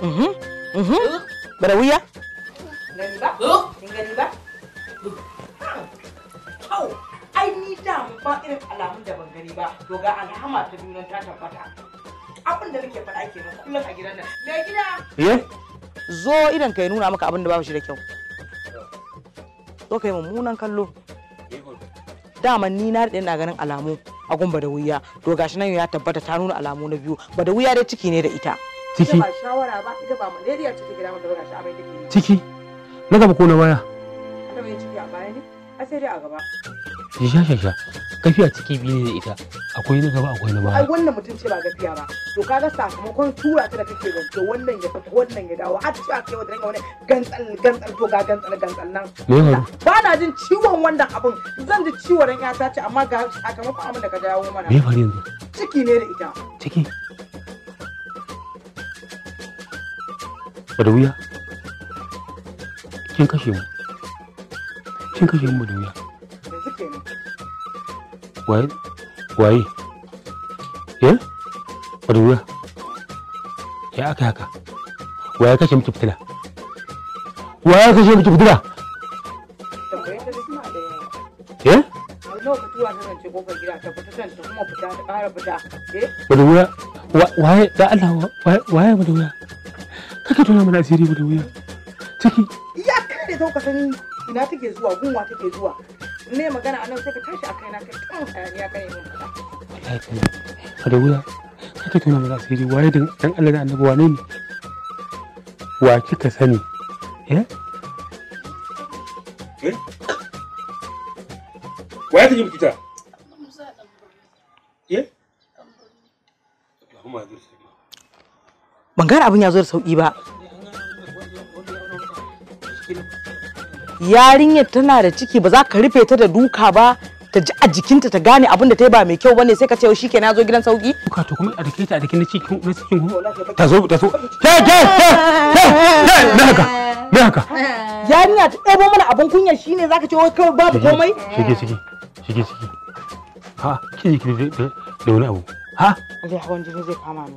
Mhm. Mhm. wuya? Gani ba? Gani ba? Kyau. Ai ni da ba irin alamun da ban gani ba. To ga alhama ta ta tabbata. Abin da nake faɗa kullum a gidan nan. gida? Ye? Zo idan ka nuna maka abin da ba shi da kyau. Zo yi mummunan kallo. Daman ni na daɗe na ganin alamu a gumba da wuya. To gashi nan ya tabbata ta nuna alamu na biyu. Ba wuya dai ciki ne da ita. ciki ba shawara ba ita ba malaria ce take damun ta ba shi amai take ciki na gaba ko na baya ta bai ciki a baya ne a sai dai a gaba sha sha sha kafiya ciki biyu ne da ita akwai na gaba akwai na baya ai wannan mutum ce ba gafiya ba to kaga sakamakon tura ta da kake zance wannan ya fita wannan ya dawo har ci a kai wannan wani gantsal gantsal to ga gantsal gantsal nan me ya ba na jin ciwon wannan abun zan ji ciwon ran ya ta ce amma ga sakamakon abin da ka dawo mana me ya faru yanzu ciki ne da ita ciki da wuya kin kashe mu kin kashe mu da wuya waye waye eh da wuya ya aka haka waye kashe mu fitila waye kashe mu fitila eh Bada wuya, waye, da Allah, waye, waye wuya. kake tona mana asiri da wuya ciki ya kare ta ka san ina take zuwa gunwa take zuwa ne magana anan sai ka tashi a kaina kai kan hayaniya kai mun wallahi kuma ka da wuya kake tona mana asiri waye dan dan Allah da annabi wane ne wa kika sani eh eh waye take mutita eh Allahumma ajirsa ban gane abin ya zo da sauki ba yarinyar tana da ciki ba za ka rufe ta da duka ba ta ji a jikinta ta gane abin da ta yi ba mai kyau bane sai ka ce shi ke na zo gidan sauki duka to kuma a rike ta a dake na cikin na cikin ta zo ta zo ta ta ta haka na haka yarinya ta ɗebo mana abin kunya za ka ce wai kawai babu komai shige shige shige shige ha da wani abu ha Allah hawan jini zai kama ni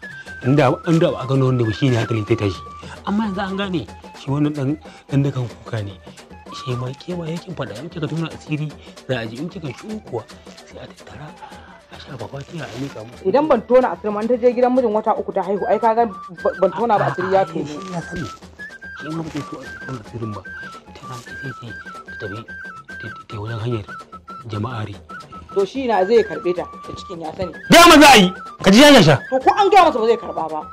inda inda ba a gano wanda ba shine hankali ta tashi amma yanzu an gane shi wani dan dan dakan kuka ne shi ma ke ma yakin fada in ka tona asiri za a ji in kika shi kuwa sai a tattara a sha ba tiya a ka musu idan ban tona asiri man ta je gidan mijin wata uku ta haihu ai ga ban tona ba asiri ya tono shi ya sani shi ma bai so asirin ba ta ran ta ce ta tabi ta wajen hanyar jama'ari to shi na zai karbe ta da cikin ya sani ga ma za a yi ka ji yanya sha to ko an gaya masa ba zai karɓa ba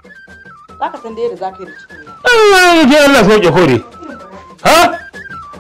za ka san da yadda za ka yi da cikin ya eh, Allah sauke kore ha